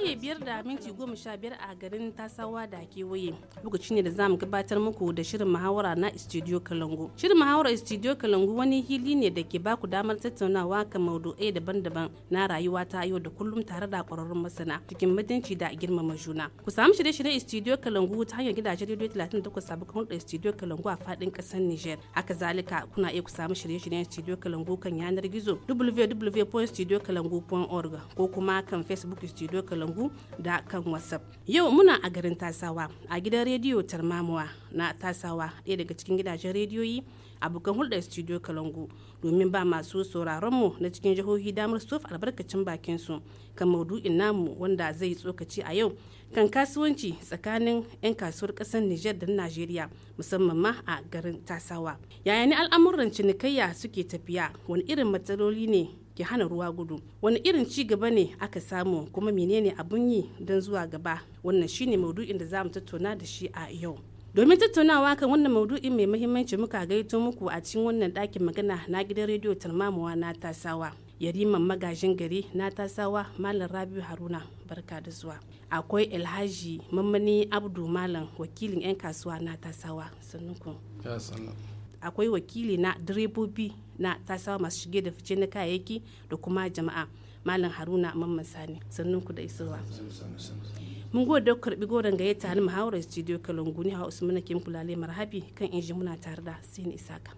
karfe biyar da minti goma sha biyar a garin tasawa da kewaye lokaci ne da zamu gabatar muku da shirin muhawara na studio kalangu shirin muhawara studio kalangu wani hili ne da ke baku damar tattaunawa kan maudu'ai daban-daban na rayuwa ta yau da kullum tare da kwararrun masana cikin mutunci da girmama juna ku samu shirye-shiryen studio kalangu ta hanyar gidajen radio 38 sabon hulɗar studio kalangu a faɗin ƙasar niger haka zalika kuna iya ku samu shirye-shiryen studio kalangu kan yanar gizo www.studiokalangu.org ko kuma kan facebook studio kalangu abu da kan whatsapp yau muna a garin tasawa a gidan rediyo tarmamuwa na tasawa ɗaya daga cikin gidajen rediyoyi a abokan hulɗar studio kalangu domin ba masu sauraronmu na cikin jihohi damar sof albarkacin bakinsu su kan maudu'in namu wanda zai tsokaci a yau kan kasuwanci tsakanin 'yan kasuwar ƙasar Nijar da Najeriya musamman ma a garin Tasawa. Yaya ne al'amuran cinikayya suke tafiya wani irin matsaloli ne ke hana ruwa gudu wani irin ci gaba ne aka samu kuma menene abun yi don zuwa gaba wannan shine maudu'in da za mu tattauna da shi a yau. domin tattaunawa kan wannan maudu'in mai muhimmanci muka gaito muku a cikin wannan ɗakin magana na gidan rediyo talmamuwa na tasawa yariman magajin gari na tasawa malam rabiu haruna barka da zuwa akwai alhaji mamani abdu malam wakilin 'yan kasuwa na tasawa sannunku akwai wakili na direbobi na tasawa masu shige da fice na kayayyaki da kuma jama'a malam haruna mamman sani sannunku da isowa mun gode da karbi goron ga yata ni muhawarar studio kalanguni hawa usman kim kulale marhabi kan injin muna tare da ni isaka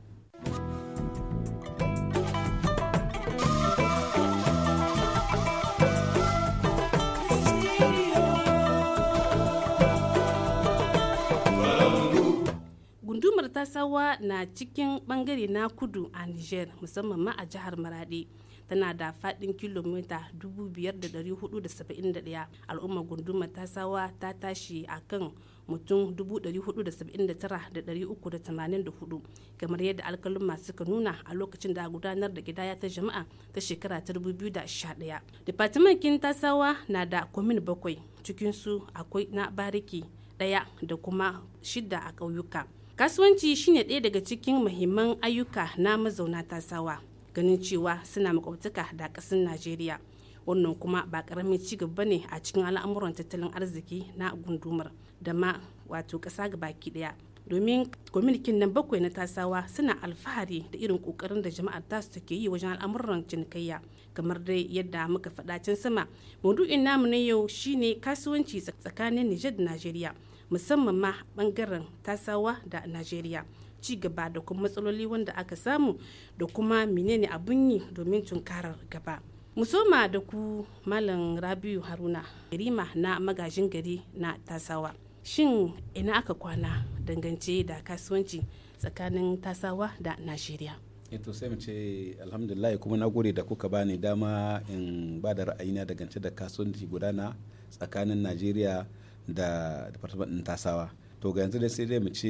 gundumar Sawa na cikin bangare na kudu a niger musamman ma a jihar maradi tana da faɗin kilomita 5,471 al'ummar gundumar Sawa ta tashi a kan mutum 479,384 kamar yadda alkalin suka nuna a lokacin da gudanar da gidaya ta jama'a ta shekara ta 2011 departamentin tasawa na da komin bakwai cikinsu akwai na bariki daya da kuma shida a ƙauyuka kasuwanci shine ɗaya daga cikin muhimman ayyuka na mazauna tasawa ganin cewa suna makwabtaka da ƙasar najeriya wannan kuma ba ƙaramin ci gaba ne a cikin al'amuran tattalin arziki na gundumar da ma wato ƙasa ga baki ɗaya domin kwamitin nan bakwai na tasawa suna alfahari da irin kokarin da jama'ar tasu take yi wajen al'amuran cinikayya kamar dai yadda muka faɗa can sama maudu'in namu na yau shine kasuwanci tsakanin Nijar da Najeriya musamman ma bangaren tasawa da najeriya ci gaba da kuma matsaloli wanda aka samu da kuma menene abun yi domin tunkarar gaba musoma da ku malam rabiu haruna rima na magajin gari na tasawa shin ina aka kwana dangance da kasuwanci tsakanin tasawa da najeriya eh to sai mu ce alhamdulillah kuma na gode da kuka bani dama in ba da ra'ayina dangance da kasuwanci gudana tsakanin najeriya da department din tasawa to ga yanzu dai sai dai mu ce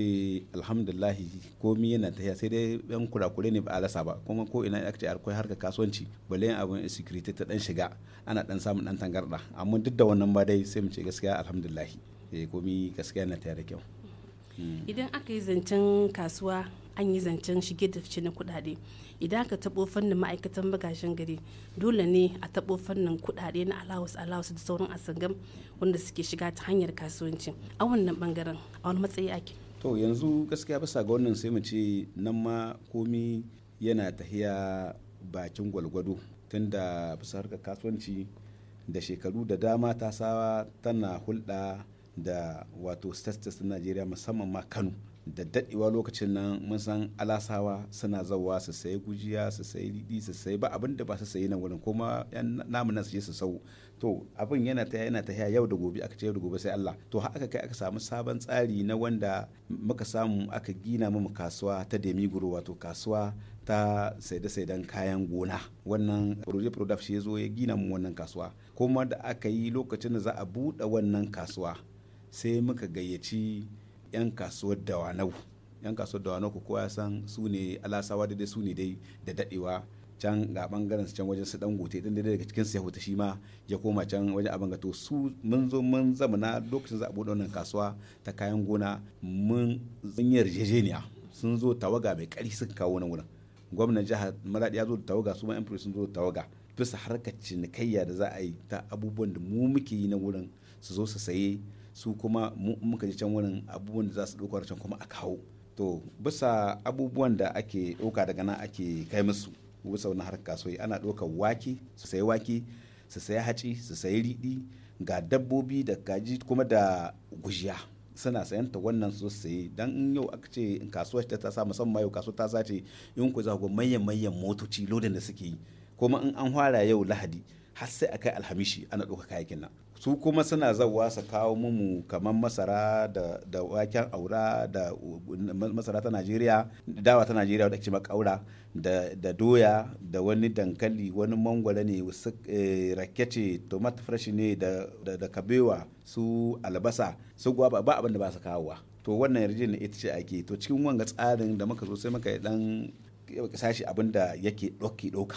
alhamdulahi komi yana tafiya sai dai yan kurakure ne ba a rasa ba kuma ko ina aka ce akwai harkar kasuwanci bale yin abin security ta dan shiga ana dan samun dan tangarda amma duk da wannan ba dai sai mu ce gaskiya alhamdulahi eh komi gaskiya yana tafiya da kyau hmm. idan aka yi zancen kasuwa an yi zancen shige da fice na kudade. idan ka taɓo fannin ma'aikatan magashin gari dole ne a taɓo fannin kuɗaɗe na allowance allowance da sauran asangam wanda suke shiga ta hanyar kasuwanci a wannan bangaren a wani matsayi ake to yanzu gaskiya bisa ga wannan sai mu ce nan ma komi yana tahiya bakin gwalgwado tunda bisa harkar kasuwanci da shekaru da dama ta sawa tana hulɗa da wato states na najeriya musamman ma kano da daɗewa lokacin nan mun san alasawa suna zawa su sayi gujiya su sayi lidi su sayi ba abin da ba su sayi nan wurin kuma yan namu nan su je su sau to abin yana ta yana ta yau da gobe aka ce yau da gobe sai Allah to haka kai aka samu sabon tsari na wanda muka samu aka gina mu kasuwa ta demiguro wato kasuwa ta saida saidan kayan gona wannan proje product ya zo ya gina mu wannan kasuwa kuma da aka yi lokacin da za a buɗe wannan kasuwa sai muka gayyaci 'yan kasuwar dawanau 'yan kasuwar dawanau ku kowa san su ne alasawa daidai su ne dai da dadewa can ga bangaren su can wajen su dan gote din daga cikin su ya huta shi ma ya koma can wajen abin to su mun zo mun zamana lokacin za a bude wannan kasuwa ta kayan gona mun zan yarjejeniya sun zo tawaga mai kari sun kawo nan wurin gwamnan jihar maradi ya zo da tawaga su ma yan sun zo da tawaga bisa harkar cinikayya da za a yi ta abubuwan da mu muke yi na wurin su zo su saye su kuma muka ji can wurin abubuwan da za su ɗauka can kuma a kawo to bisa abubuwan da ake ɗauka daga nan ake kai musu bisa wani harkar kasuwa ana ɗaukar wake su sayi wake su sayi haci su sayi riɗi ga dabbobi da kaji kuma da gujiya suna sayan ta wannan sosai dan in yau aka ce kasuwar ta sa musamman yau kasuwar ta sace in ku za ku manyan manyan motoci lodin da suke yi kuma in an fara yau lahadi har sai a kai alhamishi ana ɗauka kayakin nan su kuma suna zawa su kawo mumu kamar masara da, waken aura da masara ta najeriya dawa ta najeriya wadda ake makaura da, da doya da wani dankali wani mangwara ne eh, rakece tomat fresh ne da, da, kabewa su albasa su gwaba ba abin da ba su kawowa to wannan na ita ce ake to cikin wanga tsarin da muka zo sai muka dan sashi abin da yake ɗauki ɗauka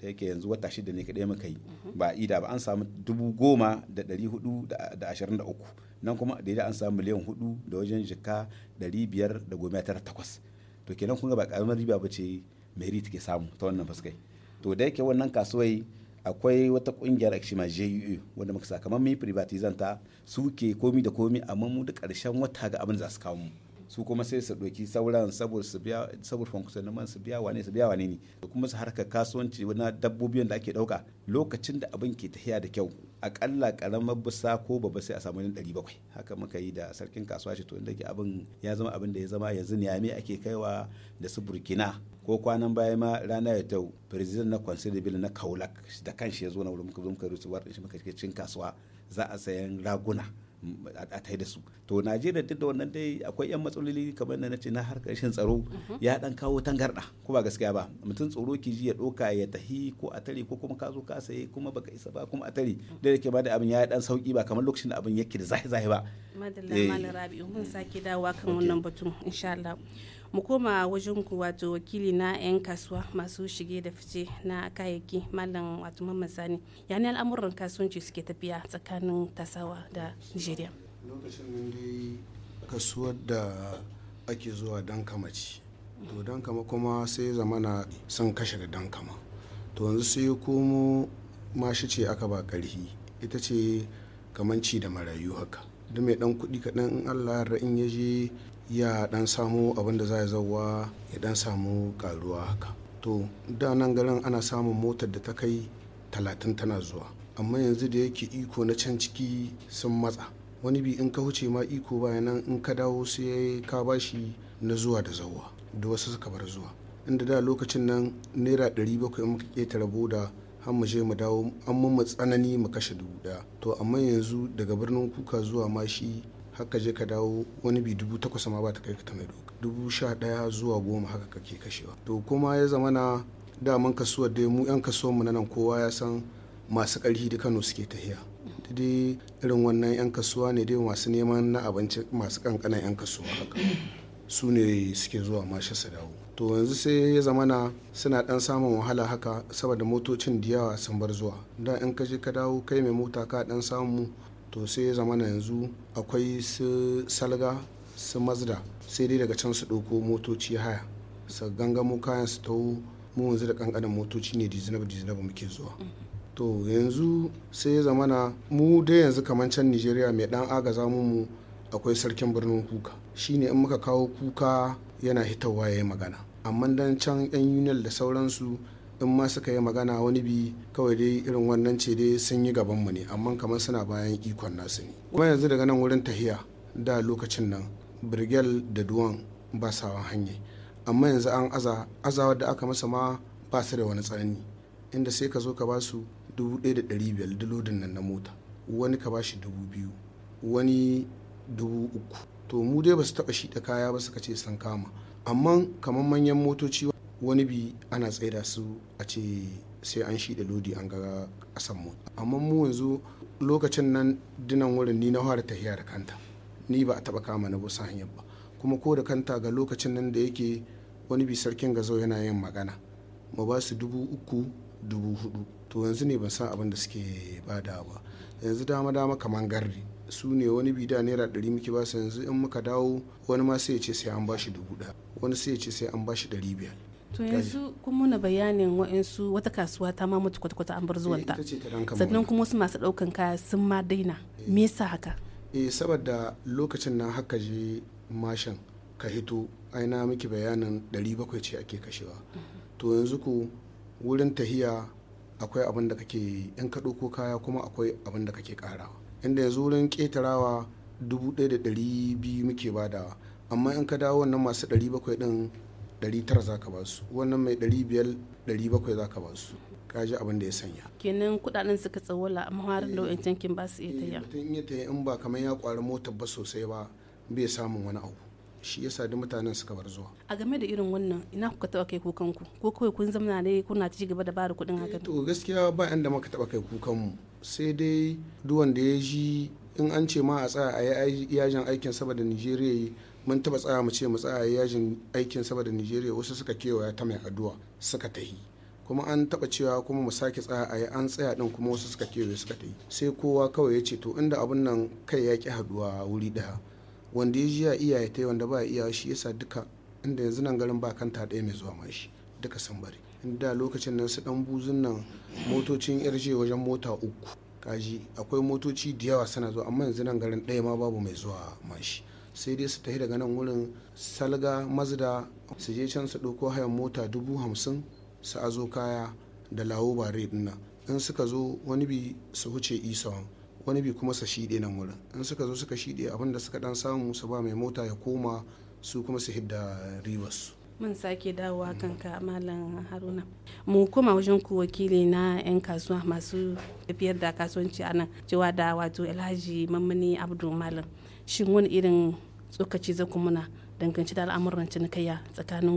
da yake yanzu wata shida ne kaɗai muka yi ba ida ba an samu dubu goma da ɗari hudu da ashirin da uku nan kuma da an samu miliyan hudu da wajen jika ɗari biyar da goma tara takwas to kenan kun ga ba ƙaramin riba ba ce merit ke samu ta wannan fuskai to da yake wannan kasuwai akwai wata kungiyar akshima JUE wanda muka sakamakon firibatizanta privatizanta ke komi da komi amma mu da ƙarshen wata ga abin za su kawo mu su kuma sai su ɗauki sauran saboda su su biya wane su biya wane ne da kuma su harkar kasuwanci na dabbobi da ake ɗauka lokacin da abin ke tafiya da kyau akalla karamar bisa ko babba sai a samu yin ɗari bakwai haka muka yi da sarkin kasuwa shi to inda ke abin ya zama abin da ya zama yanzu niyami ake kaiwa da su burkina ko kwanan baya ma rana ya tau president na considerable na kaulak da kanshi ya zo na wurin muka zo muka rusu war shi muka cikin kasuwa za a sayan raguna a tai da su to najeriya duk da wannan dai akwai yan matsaloli kamar na ce na harkar shin tsaro mhm. ya dan kawo tangarda ko ba gaskiya ba mutum tsoro ki ji ya doka ya tahi ko a tare ko kuma ka zo ka saye kuma baka isa ba kuma a tare mhm. da yake ba da abin ya dan sauki ba kamar lokacin da abin yake da zahi zahi ba madallah malam eh. rabi'u mun sake dawowa kan wannan batun insha Allah mu koma wajen ku wato wakili na 'yan kasuwa masu shige da fice na kayayyaki mallam wato mamman sani ne al'amuran kasuwanci suke tafiya tsakanin tasawa da nigeria lokacin nan dai kasuwar da ake zuwa dan ci to dan kama kuma sai zamana sun kashe da dan kama to yanzu sai komo mashi ce aka ba karhi ita ce kamanci da marayu haka duk mai dan kuɗi kaɗan in allah in ya je ya dan samu abin da za ya zauwa ya dan samu karuwa haka to da nan garin ana samun motar da ta kai talatin tana zuwa amma yanzu da yake iko na can ciki sun matsa wani bi in ka huce ma iko bayan nan in ka dawo sai ka bashi na zuwa da zauwa da wasu suka bar zuwa inda da lokacin nan naira 700 in muka ketare boda har mu je mu dawo an mu tsanani mu kashe dubu ɗaya. to amma yanzu daga birnin kuka zuwa ma shi haka je ka dawo wani bi dubu takwas ma ba ta kai ka ta maido dubu sha ɗaya zuwa goma haka kake kashewa to kuma ya zama na daman kasuwar dai mu yan kasuwar mu nan kowa ya san masu ƙarfi da Kano suke tahiya dai irin wannan yan kasuwa ne dai masu neman na abinci masu kankanan yan kasuwa haka su ne suke zuwa masha su dawo to yanzu sai ya zama na suna dan samun wahala haka saboda motocin da yawa sun bar zuwa da in ka je ka dawo kai mai mota ka dan samu to sai ya zama yanzu akwai su salga su mazda sai dai daga can su ɗauko motoci haya su mu kayan su tawo mu yanzu da kankanin motoci ne dizinabu dizinabu muke zuwa to yanzu sai ya zamana mu dai yanzu kamar can nigeria mai dan agaza mu akwai sarkin birnin kuka shi ne in muka kawo kuka yana hitawa ya yi magana amma dan can yan yunal da sauransu in ma suka yi magana wani bi kawai dai irin wannan ce dai sun yi gaban mu ne amma kamar suna bayan ikon nasu ne kuma yanzu daga nan wurin tahiya da lokacin nan birgel da duwan ba sawan hanya amma yanzu an aza azawa da aka masa ma ba su da wani tsanani inda sai ka zo ka ba su dubu ɗaya da ɗari biyar da lodin nan na mota wani ka ba shi dubu biyu wani dubu uku to mu dai ba su taɓa shi da kaya ba suka ce sun kama amma kamar manyan motoci wani bi ana tsaida su a ce sai an shi da lodi an ga kasan mu amma mu yanzu lokacin nan dinan wurin ni na fara tahiya da kanta ni ba a taba kama na bu hanyar ba kuma ko da kanta ga lokacin nan da yake wani bi sarkin gazo yana yin magana mu ba su dubu uku dubu hudu to yanzu ne ban san abin da suke bada ba yanzu dama dama kaman garri su ne wani bi da naira ɗari muke ba su yanzu in muka dawo wani ma sai ya ce sai an ba shi dubu ɗaya wani sai ya ce sai an ba shi ɗari biyar to yanzu kun muna bayanin wa'insu wata kasuwa ta ma mutu kwata-kwata an bar zuwanta eh, sannan kuma wasu masu ɗaukan kaya sun ma daina eh. me yasa haka eh saboda lokacin na haka je mashin ka hito aina miki bayanin 700 ce ake kashewa mhm. to yanzu ku wurin tahiya akwai abin da kake in ka ɗauko kaya kuma akwai abin da kake karawa inda yanzu wurin ƙetarawa 1200 muke badawa amma in ka dawo wannan masu 700 ɗin 900 za ka ba su wannan mai 500 700 za ka ba su kaji abin da ya sanya kenan kudaden suka tsawala amma har da eh. wancan kin ba su iya taya eh, mutum in ba kamar ya kwari mota ba sosai ba bai samun wani abu shi yasa da mutanen suka bar zuwa a game da irin wannan ina kuka taba kai kukan ku ko kawai kun zamana ne kuna ci gaba da bada kudin haka eh, to gaskiya ba da muka taba kai kukan mu sai dai duwan da ya ji in an ce ma a tsaya a yi yajin aikin saboda Nijeriya mun taba tsaya mu ce mu tsaya yajin aikin saboda Nigeria wasu suka kewaya ta mai addu'a suka tahi kuma an taba cewa kuma mu sake tsaya a yi an tsaya din kuma wasu suka kewaye suka tahi sai kowa kawai ya ce to inda abun nan kai ya ki haduwa wuri daya wanda ya jiya iyaye ta wanda ba iyaye shi yasa duka inda yanzu nan garin ba kanta daya mai zuwa mashi duka sun bari inda lokacin nan su dan buzun nan motocin yarje wajen mota uku kaji akwai motoci da yawa suna zuwa amma yanzu nan garin ɗaya ma babu mai zuwa mashi sai dai su tafi daga nan wurin salga mazda su je can su ɗauko hayan mota dubu hamsin su azo kaya da lawo bare dinnan in suka zo wani bi su huce isawan wani bi kuma su shiɗe nan wurin in suka zo suka shiɗe abin da suka ɗan samu su ba mai mota ya koma su kuma su hidda rivers mun sake dawowa kanka malam haruna mu kuma wajen ku wakili na 'yan kasuwa masu tafiyar da kasuwanci a nan cewa da wato alhaji mammani abdul malam shin wani irin tsokaci za ku muna dangance da al'amuran cinikayya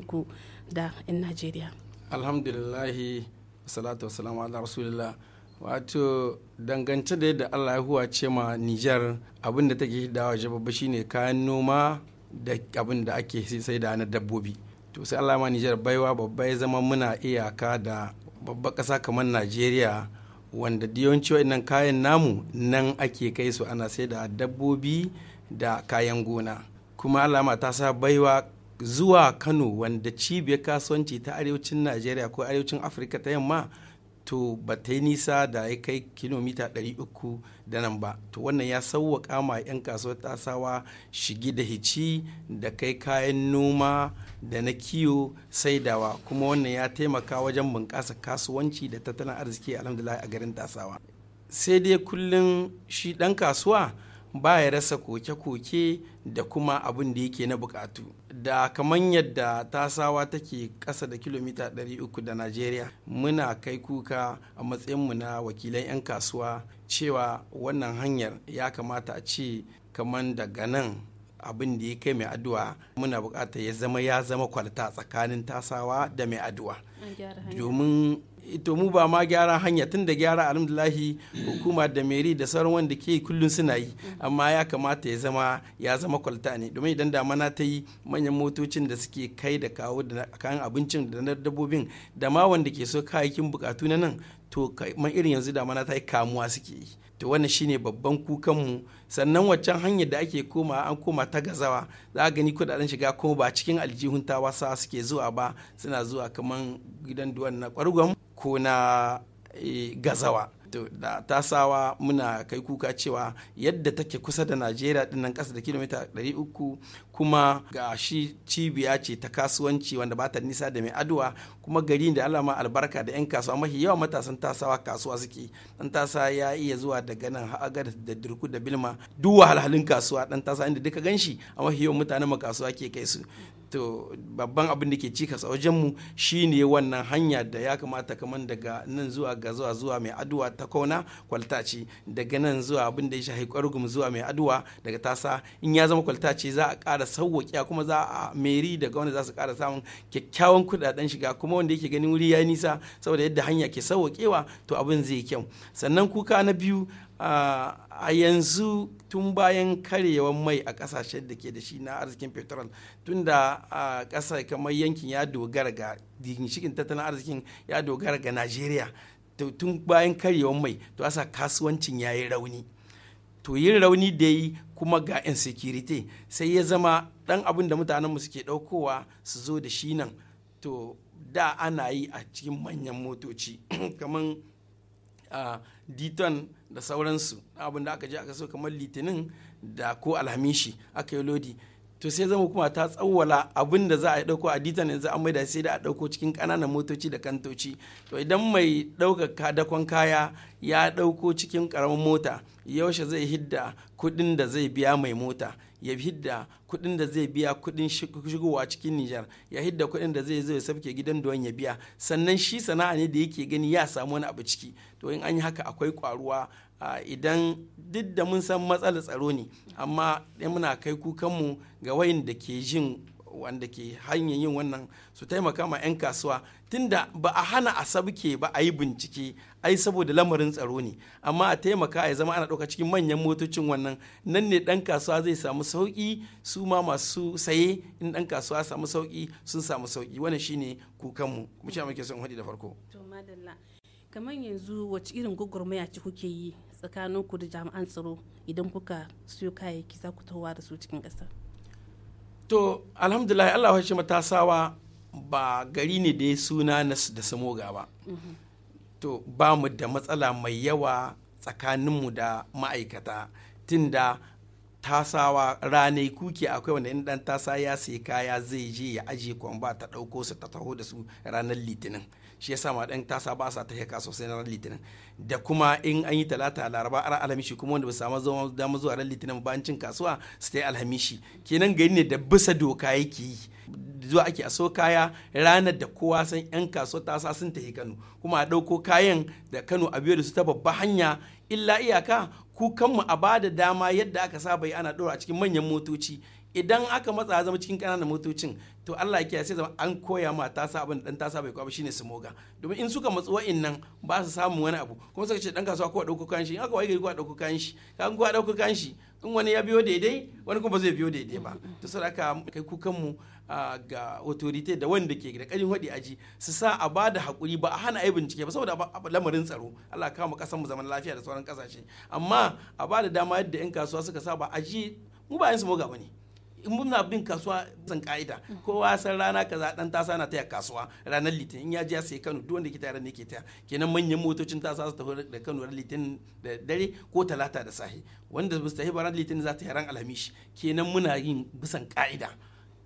ku da 'yan najeriya alhamdulillahi salatu wasalamu ala rasulillah wato dangance da yadda allah ya ce ma nijar abin da take da waje babba shine kayan noma da abin da ake sai da na dabbobi to sai allah ma nijar baiwa babba ya zama muna iyaka da babba kasa kamar najeriya wanda diyawanci nan kayan namu nan ake kai su ana sai da dabbobi da kayan gona kuma alama ta sa baiwa zuwa kano wanda cibiyar kasuwanci ta arewacin najeriya ko arewacin afirka ta yamma to ba ta yi nisa da ya kai kilomita 300 da nan ba to wannan ya sauwaƙa ma 'yan kasuwar tasawa shigi da hici da kai kayan noma da na kiwo saidawa kuma wannan ya taimaka wajen bunƙasa kasuwanci da tattalin arziki alhamdulillah a garin tasawa sai dai kullum shi ɗan kasuwa ba ya rasa koke-koke da kuma abin da yake na bukatu da kamar yadda tasawa take kasa da kilomita 300 da najeriya muna kai kuka a matsayinmu na wakilan 'yan kasuwa cewa wannan hanyar ya kamata a ce kamar daga nan abin da ya kai mai addu'a muna bukatar ya zama ya zama kwalta tsakanin tasawa da mai addu'a domin to mu ba ma gyara hanya tun da gyara alhamdulahi hukuma da meri da sauran wanda ke kullum suna yi amma ya kamata ya zama ya zama kwalta ne domin idan damana ta yi manyan motocin da suke kai da kawo da kayan abincin da na dabbobin da ma wanda ke so kayakin bukatu na nan to kamar irin yanzu mana ta yi kamuwa suke yi to wannan shine babban kukan mu sannan waccan hanyar da ake koma an koma ta gazawa za a gani kudaden shiga ko ba cikin aljihun ta wasa suke zuwa ba suna zuwa kaman gidan duwan na kwargon ko na eh, gazawa to da tasawa muna kai kuka cewa yadda take kusa da najeriya dinnan kasa da kilomita 300 kuma ga shi cibiya ce ta kasuwanci wanda ba ta nisa da mai aduwa kuma gari da alama albarka da 'yan kasuwa mafi yawan matasan tasawa kasuwa suke dan tasa ya iya zuwa daga nan ha'agar da dirku da bilma duk wahalhalun kasuwa dan tasa inda duka ganshi a mafi yawan mutanen kasuwa ke kai su to babban abin da ke cikas a wajenmu ne wannan hanya da ya kamata kamar daga nan zuwa ga zuwa zuwa mai aduwa ta kauna kwaltaci daga nan zuwa abin da ya shahi kwargum zuwa mai aduwa daga tasa in ya zama kwaltaci za a ƙara sauwaƙi kuma za a meri daga wanda za su ƙara samun kyakkyawan kuɗaɗen shiga kuma wanda yake ganin wuri ya nisa saboda yadda hanya ke sauwaƙewa to abin zai kyau sannan kuka na biyu a yanzu tun bayan karyewar mai a kasashen da ke da shi na arzikin petrol tun da a ƙasa kamar yankin ya dogara ga ginshikin tattalin arzikin ya dogara ga najeriya tun bayan karyewar mai to asa kasuwancin ya yi rauni to yin rauni da yi kuma ga insecurity sai ya zama ɗan abin da mutanenmu suke ɗaukowa su zo da shi nan to da ana yi a cikin manyan motoci kamar diton da sauransu abin da aka je aka so kamar litinin da ko alhamishi aka yi lodi to sai zama kuma ta tsawwala abin da za a dauko a ditan yanzu an da sai da a dauko cikin kananan motoci da kantoci to idan mai ɗaukaka dakon kaya ya dauko cikin karamin mota yaushe zai hidda kuɗin da zai biya mai mota ya hidda kuɗin da zai biya kuɗin shigowa cikin Nijar ya hidda kuɗin da zai zo ya sabke gidan don ya biya sannan shi sana'a ne da yake gani ya samu wani abu ciki to in an yi haka akwai kwaruwa idan duk da mun san matsalar tsaro ne amma muna kai kukanmu ga wayin da ke jin wanda ke hanyar yin wannan su taimaka ma 'yan kasuwa tunda ba a hana a sabuke ba a yi bincike ai saboda lamarin tsaro ne amma a taimaka a zama ana ɗauka cikin manyan motocin wannan nan ne ɗan kasuwa zai samu sauƙi su ma masu saye in ɗan kasuwa samu sauƙi sun samu sauƙi wannan shine kukanmu mu ce muke son hadi da farko to madalla kamar yanzu wace irin gwagwarmaya ce kuke yi tsakanin ku da jami'an tsaro idan kuka siyo kayayyaki za ku tawa da su cikin ƙasa to alhamdulillah Allah ya shi matasawa ba gari ne da ya suna da samoga ba to ba mu da matsala mai yawa tsakaninmu da ma'aikata tunda tasawa ranar kuke akwai wanda in dan tasa ya sai kaya zai je ya aje kwamba ta ɗauko su ta taho da su ranar litinin shi yasa ma dan tasa ba sa ta heka sosai ranar litinin da kuma in an yi talata laraba ar alhamishi kuma wanda ba samu zama dama zuwa ranar litinin ba an cin kasuwa su ta yi alhamishi kenan gari ne da bisa doka yake yi zuwa ake so kaya ranar da kowa san 'yan kasuwa ta sa sun tafi kano kuma a ɗauko kayan da kano a biyo da su ta babba hanya illa iyaka kukanmu a bada dama yadda aka saba yi ana ɗora a cikin manyan motoci idan aka matsa zama cikin ƙananan motocin to Allah ya sai zama an koya ma ta sa abin dan ta sa bai kwa shine su moga domin in suka matsu wa'annan ba su samu wani abu kuma suka ce dan kasuwa ko dauko kayan shi in aka wai gari ko dauko kayan shi kan ko dauko kayan shi in wani ya biyo daidai wani kuma ba zai biyo daidai ba to saboda kai kukan mu ga autorite da wanda ke da karin waɗi aji su sa a ba da hakuri ba a hana yi bincike ba saboda lamarin tsaro Allah kama kasan mu zaman lafiya da sauran kasashe amma a ba da dama yadda 'yan kasuwa suka saba aji mu ba 'yan su moga bane ne in muna bin kasuwa san ka'ida kowa san rana kaza dan tasa na taya kasuwa ranar litinin ya je ya kano duk wanda ke tare ne ke taya kenan manyan motocin tasa su tafi da kano ranar litinin da dare ko talata da sahi wanda ba ranar tafi litinin za ta yi alhamishi kenan muna yin bisan ka'ida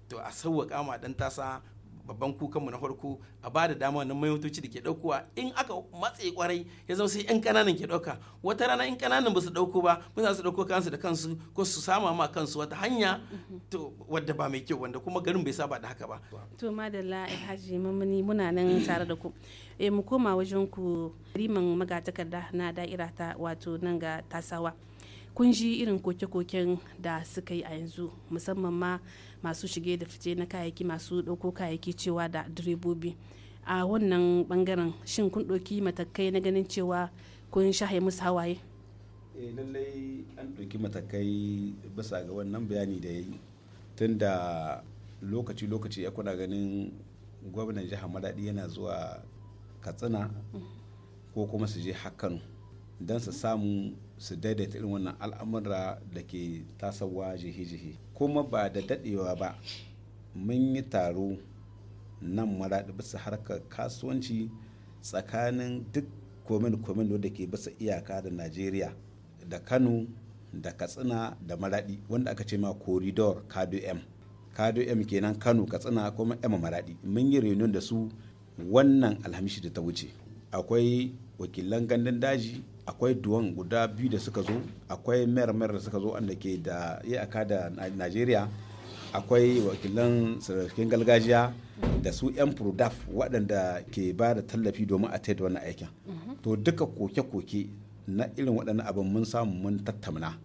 to a sauwaƙa ma dan tasa babban kukanmu na farko a ba da dama wannan mayotoci da ke ɗaukowa in aka matse kwarai ya zama sai yan kananan ke ɗauka wata rana in kananan ba su ɗauko ba muna su ɗauko kansu da kansu ko su sama ma kansu wata hanya mhm. to wadda ba mai kyau wanda kuma garin bai saba da haka ba. to madalla alhaji mamani muna nan tare da ku e mu koma wajen ku riman magatakarda na da'ira ta wato nan ga tasawa kun ji irin koke-koken da suka yi a yanzu musamman ma masu shige da fice na kayayyaki masu ɗauko kayayyaki cewa da direbobi a wannan bangaren shin kun ɗauki matakai na ganin cewa kun shahaye musu hawaye eh lallai an ɗauki matakai bisa ga wannan bayani da ya yi tun da lokaci-lokaci ya kuna ganin gwamnan jihar madaɗi yana zuwa katsina ko kuma su je hakan don su samu su daidaita irin wannan al'amura da ke tasawa jihe-jihe kuma ba da daɗewa ba mun yi taro nan maraɗi bisa harkar kasuwanci tsakanin duk komin-komin da ke bisa iyaka da najeriya da kano da katsina da maraɗi wanda aka ce ma koridor kado m kado m kenan kano katsina kuma m maraɗi mun yi reunion da su wannan alhamishi da ta wuce akwai wakilan gandun daji akwai duwan guda biyu da suka zo akwai mayar-mayar da suka zo wanda ke da iyaka da najeriya akwai wakilan sarakin galgajiya da su 'yan prodaf waɗanda ke ba da tallafi domin a taida wannan aikin mm-hmm. to duka koke-koke na irin waɗannan abin mun samu mun tattamna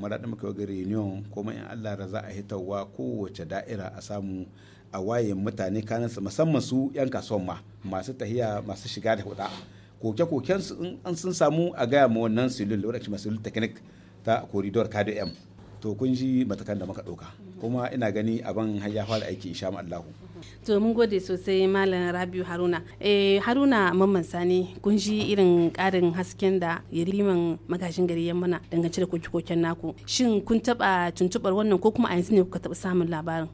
da muka yi reunion kuma in allah da za a hitarwa kowace da'ira a samu a waye mutane kanansu musamman su 'yan kasuwan ma masu tahiya masu shiga da huda koke-koken su an sun samu a gaya ma wannan silul wadda kuma silul teknik ta koridor kado m to kun ji matakan da muka ɗauka kuma ina gani abin ban ya fara aiki insha Allah to mun gode sosai malam Rabiu Haruna eh Haruna mamman sani kun ji irin ƙarin hasken da yariman magashin gari ya mana dangance da koke-koken naku shin kun taba tuntubar wannan ko kuma a yanzu ne kuka taba samun labarin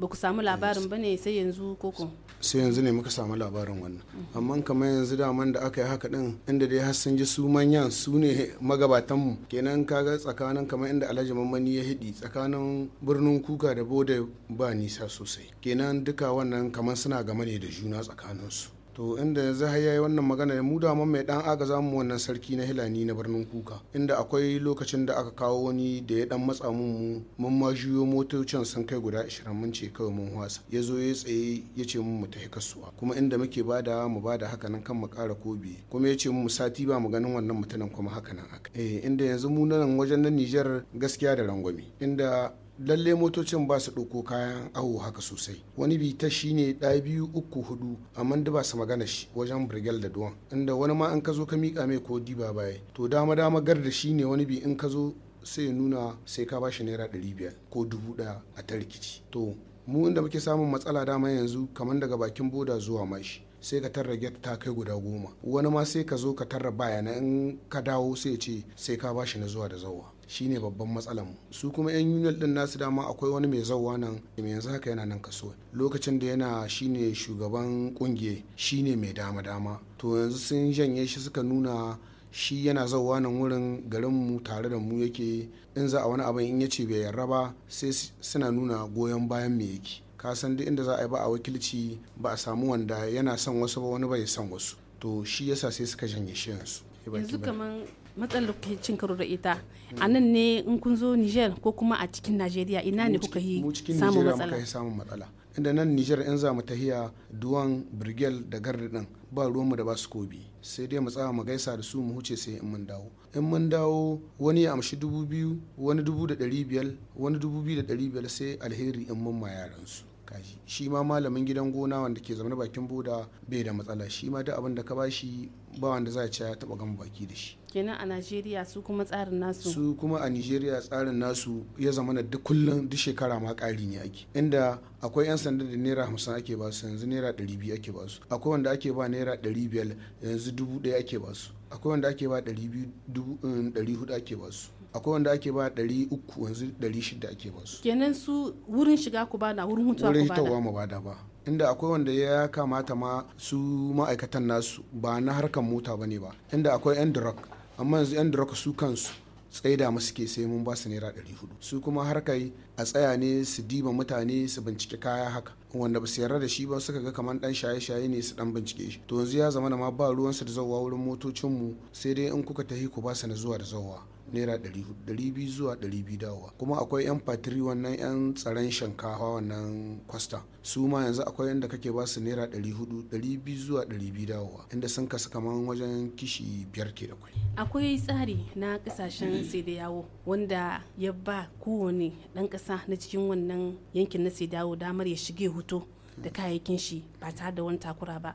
ba ku samu labarin bane sai yanzu koko sai yanzu ne muka samu labarin wannan amma kamar yanzu daman da aka yi haka din inda dai har sun ji su manyan su ne magabatan mu kenan kaga tsakanin kamar inda Alhaji mamani ya hidi tsakanin birnin Kuka da Bode ba nisa sosai kenan duka wannan kamar suna game ne da juna tsakanin su to inda yanzu har yayi wannan magana mu da mai dan aga zamu wannan sarki na hilani na birnin kuka inda akwai lokacin da aka kawo wani da ya dan matsa mun mun ma juyo motocin sun kai guda 20 mun ce kawai mun wasa ya zo ya tsaye ya ce mun mu tafi kasuwa kuma inda muke bada mu bada haka nan kan mu kara kobe kuma ya ce mun sati ba mu ganin wannan mutumin kuma haka nan aka eh inda yanzu mu nan wajen na Niger gaskiya da rangwame inda lalle motocin ba su ɗauko kayan awo haka sosai wani bi ta shi ne ɗaya biyu uku hudu amma da ba su magana shi wajen birgel da duwan inda wani ma in ka zo ka miƙa mai ko diba baya to dama dama gar da shi ne wani bi in ka zo sai ya nuna sai ka bashi naira ɗari biyar ko dubu ɗaya a ta rikici to mu inda muke samun matsala dama yanzu kamar daga bakin boda zuwa mashi sai ka tarra get ta kai guda goma wani ma sai ka zo ka tarra bayana in ka dawo sai ce sai ka bashi na zuwa da zawa shine babban matsalar mu su kuma yan union din nasu dama akwai wani mai zauwa nan mai yanzu haka yana nan kaso lokacin da yana shine shugaban kungiye shine mai dama dama to yanzu sun janye shi suka nuna shi yana zauwa nan wurin garin mu tare da mu yake in za a wani abin in yace bai yarda ba sai suna nuna goyon bayan me yake ka san duk inda za a yi ba a wakilci ba a samu wanda yana son wasu ba wani bai son wasu to shi yasa sai suka janye shi yanzu yanzu kamar matsalar cin karo da ita a nan ne in kun zo niger ko kuma a cikin najeriya ina ne kuka yi samun matsala samun matsala inda nan niger yan zamu tahiya duwan brigel da din ba ruwanmu da ba su kobi sai dai mu tsaya mu gaisa da su mu huce sai in mun dawo in mun dawo wani ya amshi dubu biyu wani dubu da ɗari biyar wani dubu biyu da ɗari biyar sai alheri in mun ma yaransu kaji shi ma malamin gidan gona wanda ke zaune bakin boda bai da matsala shi ma duk abin da ka bashi ba wanda za a ci ya taba gama baki da shi kenan a nigeria su kuma tsarin nasu su kuma a nigeria tsarin nasu ya zama na duk kullum duk shekara ma ƙari ne ake inda akwai 'yan sanda da naira hamsin ake ba su yanzu naira ɗari biyu ake ba su akwai wanda ake ba naira ɗari biyar yanzu dubu ɗaya ake ba su akwai wanda ake ba ɗari biyu dubu um, ɗari hudu ake ba su akwai wanda ake ba ɗari uku yanzu ɗari shida ake ba su kenan su wurin shiga ku bada wurin hutawa wurin hutawa mu bada ba inda akwai wanda ya kamata ma su ma'aikatan nasu ba na harkar mota ba ne ba inda akwai 'yan drug amma yanzu yan da su kansu tsaida masu ke sai mun ba su naira 400. su kuma har kai a tsaya ne su diba mutane su bincike kaya haka wanda ba su yarda da shi ba suka ga kamar dan shaye-shaye ne su dan bincike shi to yanzu ya zama na ma ba su da zauwa wurin motocinmu sai dai in kuka tahi ku ba su na zuwa da zauwa naira 200 zuwa 200 dawowa kuma akwai yan patiri wannan yan tsaron shinkafa wannan kwasta su ma yanzu akwai yanda kake ba su naira 400 200 zuwa 200 dawowa inda sun kasu kaman wajen kishi biyar ke da kwai akwai tsari na kasashen sai da yawo wanda ya ba kowane dan kasa ƙasa na cikin wannan yankin na sai dawo damar ya shige hoto da kayayyakin shi ba tare da wani takura ba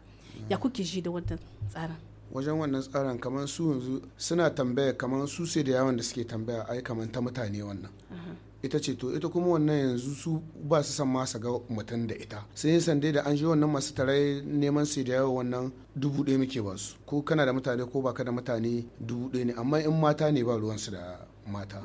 ya kuke shi da wannan tsarin wajen wannan tsarin kamar su yanzu suna tambaya kamar su sai da yawan da suke tambaya ai kamar ta mutane wannan ita ce to ita kuma wannan yanzu su ba su san masa ga mutum da ita sai yin sande da an je wannan masu tarai neman sai da yawa wannan dubu ɗaya muke ba su ko kana da mutane ko ba ka da mutane dubu ɗaya ne amma in mata ne ba ruwansu da mata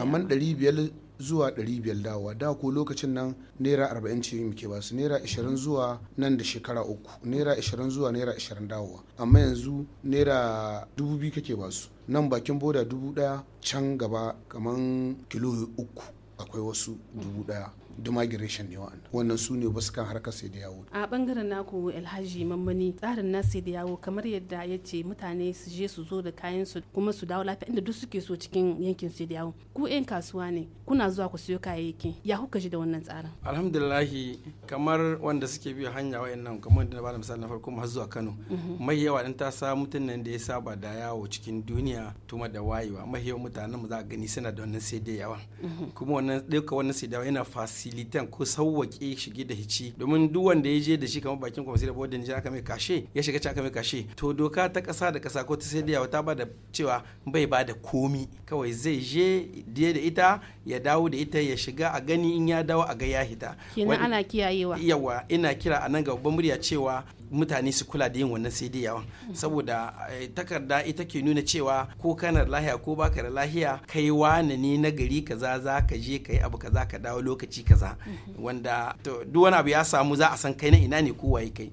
amma 500 zuwa 500 dawowa da ko lokacin nan naira 40 ce muke ba su naira 20 zuwa nan da shekara uku naira 20 zuwa naira 20 dawowa amma yanzu naira 2000 kake ba su nan bakin boda 1000 can gaba kaman kilo uku akwai wasu dubu da migration ne wa'annan wannan su ne su kan harkar sai da yawo a bangaren naku alhaji mammani tsarin na sai da yawo kamar yadda ya ce mutane su je su zo da kayan su kuma su dawo lafiya inda duk suke so cikin yankin sai da yawo ku yan kasuwa ne kuna zuwa ku siyo kayayyaki ya kuka ji da wannan tsarin alhamdulillahi kamar wanda suke biyo hanya wa'annan kamar da na bada misali na farko har zuwa Kano mhm. mai yawa dan ta sa mutanen da ya saba da yawo cikin duniya tuma da wayewa mai mutanen mu za a gani suna da wannan sai da yawa mhm. kuma wannan ɗauka wannan sai da yawa yana fasi ilitan ko sauwaƙe shige da hici domin duk wanda ya je da shi kamar bakin kwamisi da bawar a aka mai kashe ya shiga ci aka mai kashe to doka ta kasa da kasa ko ta sai da ta ba da cewa bai ba da komi kawai zai je diya da ita ya dawo da ita ya shiga a gani in ya dawo a ga ya hita. kenan ana kiyayewa. yawa ina kira a nan ga babban murya cewa mutane su kula da yin wannan sai dai yawan saboda eh, takarda ita ke nuna cewa ko kana da lahiya ko baka da lahiya kai wani ne na gari kaza za ka je ka abu kaza ka dawo lokaci kaza mm-hmm. wanda duk wani abu ya samu za a san kai na ina ne ko waye kai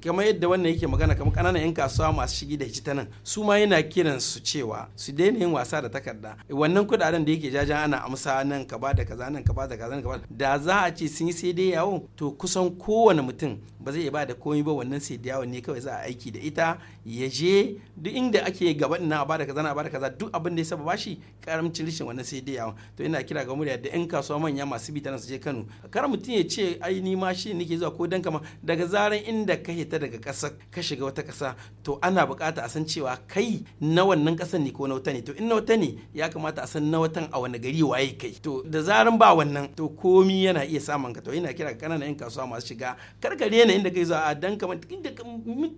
kamar yadda wannan yake magana kamar kananan 'yan kasuwa masu shigi da ta nan su ma yana kiran su cewa su daina yin wasa da takarda wannan kudaden da yake jajan ana amsa nan ka ba da kaza nan ka ba da kaza nan ka ba da za a ce sun yi sai dai yawo to kusan kowane mutum ba zai ba da komai ba wannan sai da yawo ne kawai za a aiki da ita ya je duk inda ake gaba ina a ba da kaza na ba da kaza duk abin da ya saba bashi karamcin rishin wannan sai dai yawo to ina kira ga murya da 'yan kasuwa manya masu bi ta nan su je Kano kar mutum ya ce ai ni ma shi nake zuwa ko dan kama daga zaran inda ka ta daga ƙasa ka shiga wata ƙasa to ana buƙata a san cewa kai na wannan ƙasan ne ko na wata ne to in na wata ne ya kamata a san na watan a wani gari waye kai to da zaran ba wannan to komi yana iya samun ka to ina kira kanana yan kasuwa masu shiga karkare ne inda kai zuwa a dan kamar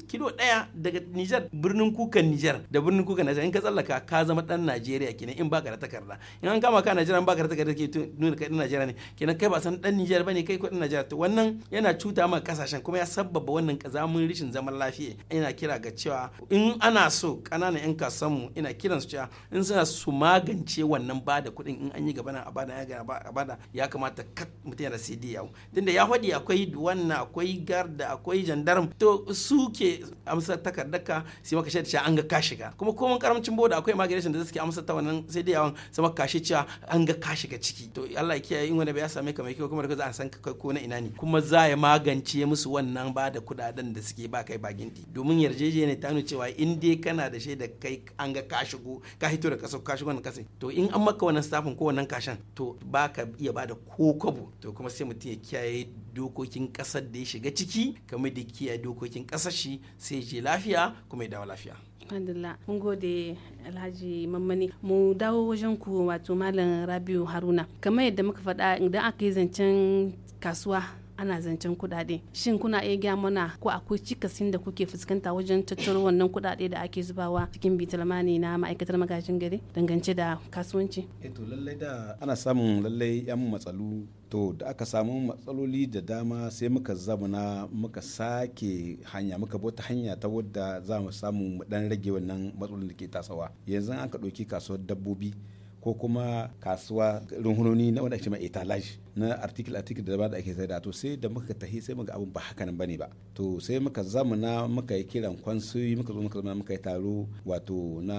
kilo daya daga Nijar birnin kukan Nijar da birnin kukan Nijar in ka tsallaka ka zama dan Najeriya kenan in baka da takarda in an kama ka Najeriya baka da takarda ke nuna kai dan Najeriya ne kenan kai ba san dan Niger bane kai ko dan Najeriya to wannan yana cuta ma kasashen kuma ya sabbaba wannan kaza kazamin rishin zaman lafiya ina kira ga cewa in ana so kananan 'yan kasanmu ina kiran su cewa in suna su magance wannan ba da kuɗin in an yi gaba a bada a bada ya kamata kat mutum ya da sai yawo tunda ya faɗi akwai duwanna akwai garda akwai jandarm to su ke amsa takardaka sai maka shaida cewa an ga ka shiga kuma komai karamcin boda akwai migration da suke amsa ta wannan sai dai yawon sai maka kashe cewa an ga ka shiga ciki to Allah ya kiyaye in wani bai ya same ka mai kyau kuma da za a san ka ko na ina ne kuma za ya magance musu wannan ba da kuɗa kudaden da suke ba kai ba domin yarjejeniya ta nuna cewa in dai kana da shaida kai an ga ka shigo ka hito da kaso ka shigo na kasa to in an maka wannan staffin ko wannan kashan to ba ka iya ba da ko kwabo to kuma sai mutum ya kiyaye dokokin kasar da ya shiga ciki kamar da kiyaye dokokin kasar shi sai je lafiya kuma ya dawo lafiya alhamdulillah mun gode alhaji mammani mu dawo wajen ku wato malam rabiu haruna kamar yadda muka faɗa idan aka yi zancen kasuwa ana zancen kuɗaɗe shin kuna iya gaya mana ko akwai cikasin da kuke fuskanta wajen tattaro wannan kuɗaɗe da ake zubawa cikin bitalmani na ma'aikatar magajin gari dangance da kasuwanci eh lallai da ana samun lallai yan matsalu to da aka samu matsaloli da dama sai muka zamana muka sake hanya muka bota hanya ta wadda za mu samu mu dan rage wannan matsalolin da ke tasawa yanzu an ka ɗauki kasuwar dabbobi ko kuma kasuwa runhunoni na wadda ake ma etalage na article article da ba da ake saida to sai da muka tahi sai muka abun ba haka nan bane ba to sai muka zamana muka yi kiran kwansoyi muka zo muka zama muka yi taro wato na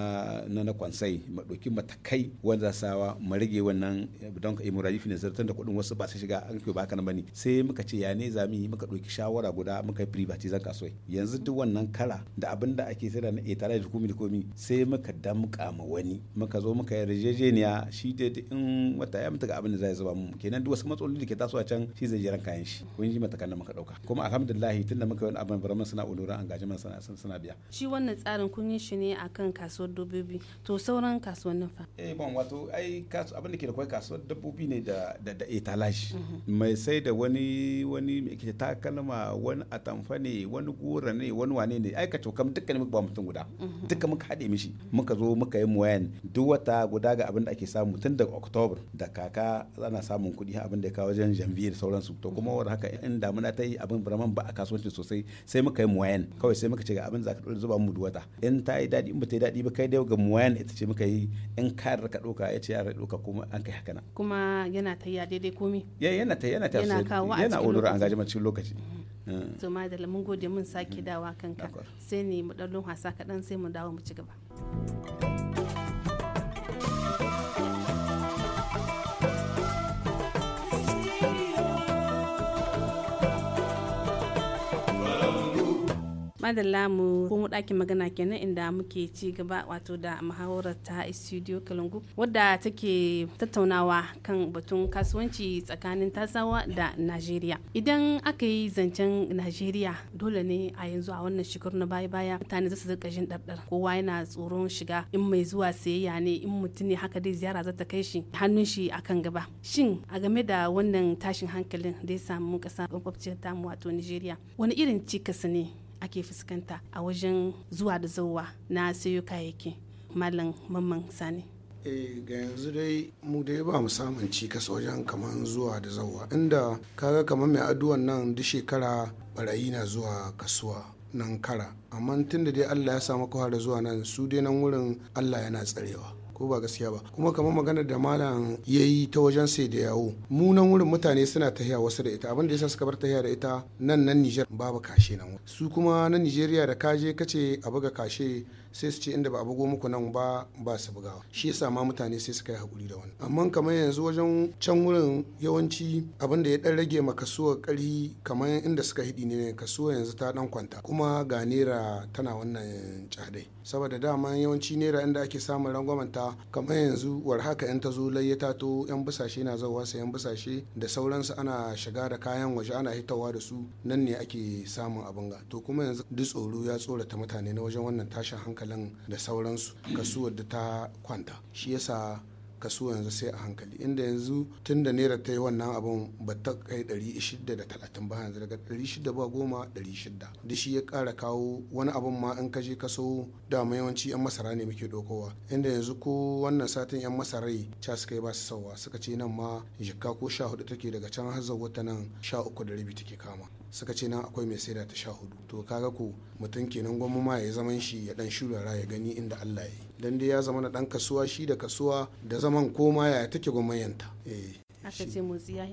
na na kwansai mu matakai wanda sawa mu rage wannan don ka imuraji fi zartan da kudin wasu ba su shiga an ba haka nan bane sai muka ce ya ne zamu yi muka doki shawara guda muka yi privatizan kasuwai yanzu duk wannan kara da abin da ake saida na etara da komi da komi sai muka damƙa ma wani muka zo muka yi yarjejeniya shi da in wata ya mutaka abin da zai zuba mu kenan duk wasu matsaloli da ke tasowa can shi zai jiran kayan shi kun ji matakan da muka dauka kuma alhamdulillah tunda muka yi abin barman suna uluran engagement suna suna biya shi wannan tsarin kun yi shi ne akan kasuwar dabbobi to sauran kasuwannin fa eh ban wato ai abin da ke da kwai kasuwar dabbobi ne da da etalage mai sai da wani wani mai ke takalma wani atamfa ne wani gora ne wani wane ne ai ka cokam dukkan muka ba mutum guda dukkan muka haɗe mishi muka zo muka yi muwayan duk wata guda ga abin da ake samu tun daga oktobar da kaka ana samun kuɗi abin abin da ya kawo wajen janvier sauransu to kuma war haka in damuna ta yi abin braman ba a kasuwancin sosai sai muka yi muwayan kawai sai muka ce ga abin za ka zuba mu da wata in ta yi daɗi in ba ta yi daɗi ba kai dai ga muwayan ita ce muka yi in kayar ka ɗauka ya ce yara ɗauka kuma an kai haka na. kuma yana ta yi daidai komi. yana ta yana ta sosai yana kawo a cikin lokaci lokaci. Mm-hmm. Mm. to ma da mun gode mun sake mm. dawa kanka sai ne mu ɗan hasa kaɗan sai mu dawo mu ci gaba. madalla mu kuma ɗakin magana kenan inda muke ci gaba wato da muhawarar ta studio kalungu wadda take tattaunawa kan batun kasuwanci tsakanin tasawa da najeriya idan aka yi zancen najeriya dole ne a yanzu a wannan shekaru na baya baya mutane zasu rika jin ɗarɗar kowa yana tsoron shiga in mai zuwa sayayya ne in mutum ne haka dai ziyara za ta kai shi hannun shi akan gaba shin a game da wannan tashin hankalin da ya samu ƙasa makwabciyar tamu wato najeriya wani irin cikas ne ake fuskanta a wajen zuwa da zauwa na sayo kayayyaki malam mamman sani eh ga yanzu dai mu dai ba mu samun cikas wajen kaman zuwa da zauwa inda kaga kamar mai aduwan nan duk shekara barayi na zuwa kasuwa nan kara amma tun da dai allah ya samu kawar zuwa nan su dai nan wurin allah yana tsarewa ko ba gaskiya ba kuma kamar magana da malam ya yi ta wajen sai da yawo mu wurin mutane suna tahiya wasu da ita abin da yasa suka bar tahiya da ita nan nan Niger babu kashe nan su kuma na Nijeriya da kaje kace a buga kashe sai su ce inda ba a bugo muku nan ba ba su bugawa shi yasa ma mutane sai suka yi hakuri da wani amma kamar yanzu wajen can wurin yawanci abin da ya dan rage ma kasuwar ƙarfi kamar inda suka hidi ne kasuwa yanzu ta dan kwanta kuma ga naira tana wannan cadai saboda dama yawanci naira inda ake samun rangwamenta kamar yanzu war haka yan ta zo ya tato yan busashe na zauwa yan busashe da sauransu ana shiga da kayan waje ana hitawa da su nan ne ake samun abin ga to kuma yanzu duk tsoro ya tsorata mutane na wajen wannan tashin hankalin da sauransu kasuwar da ta kwanta shi yasa kaso yanzu sai a hankali inda yanzu tun da naira ta yi wannan abun ba ta kai 630 ba yanzu daga 610 ba 600 da shi ya kara kawo wani abun ma in kaje kaso da mai yawanci yan masara ne muke dokowa inda yanzu ko wannan satin yan masarai ca suka yi ba su sauwa suka ce nan ma jikka ko 14 take daga can har wata nan 13 da rabi take kama suka ce nan akwai mai saida ta sha hudu to kaga ku mutum kenan gwamma ma ya zaman shi ya dan shurara ya gani inda Allah ya yi dan dai ya zama na dan kasuwa shi da kasuwa da zaman koma ya take gwammayanta eh aka ce motsi ya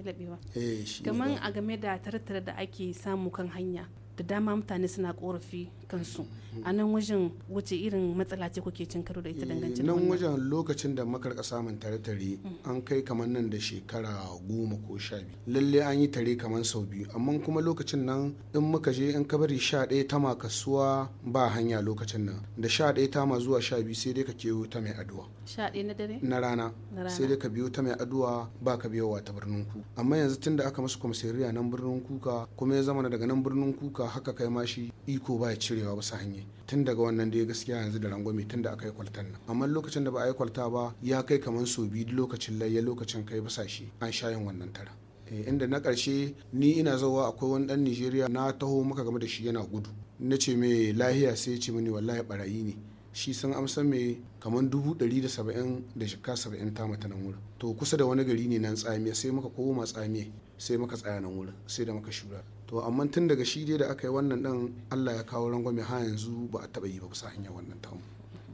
eh, shi kaman a game da tattara da ake samu kan hanya da dama mutane suna korafi kansu a nan wajen wace irin matsala ce kuke cin karo da ita dangance da eh, nan wajen lokacin da makarka samun tare-tare mm. an kai kamar nan da shekara goma ko sha biyu lalle an yi tare kamar sau biyu amma kuma lokacin nan in muka je in ka bari sha ɗaya tama kasuwa ba hanya lokacin nan da sha ɗaya tama zuwa sha biyu sai dai ka kewo ta mai addu'a sha na dare na rana sai dai ka biyo ta mai aduwa ba ka biyo wa ta birnin ku amma yanzu tunda aka masu komisariya nan birnin kuka kuma ya zama daga nan birnin kuka haka kai ma shi iko ba ya cirewa sa hanye tun daga wannan dai gaskiya yanzu da rangwame tun da aka yi kwaltan nan amma lokacin da ba a yi kwalta ba ya kai kamar so biyu lokacin layya lokacin kai bisa shi an sha yin wannan tara eh, inda na karshe ni ina zawa akwai wani dan Nijeriya na taho maka game da shi yana gudu na ce mai lahiya sai ya ce mini wallahi barayi ne shi sun amsa mai kamar dubu ɗari da saba'in da shika saba'in ta mata nan wurin to kusa da wani gari ne nan tsamiya sai muka koma tsamiya sai muka tsaya nan wurin sai da muka shura to amma tun daga shi dai da aka yi wannan dan Allah ya kawo rangwame ha yanzu ba a taɓa yi ba kusa hanyar wannan ta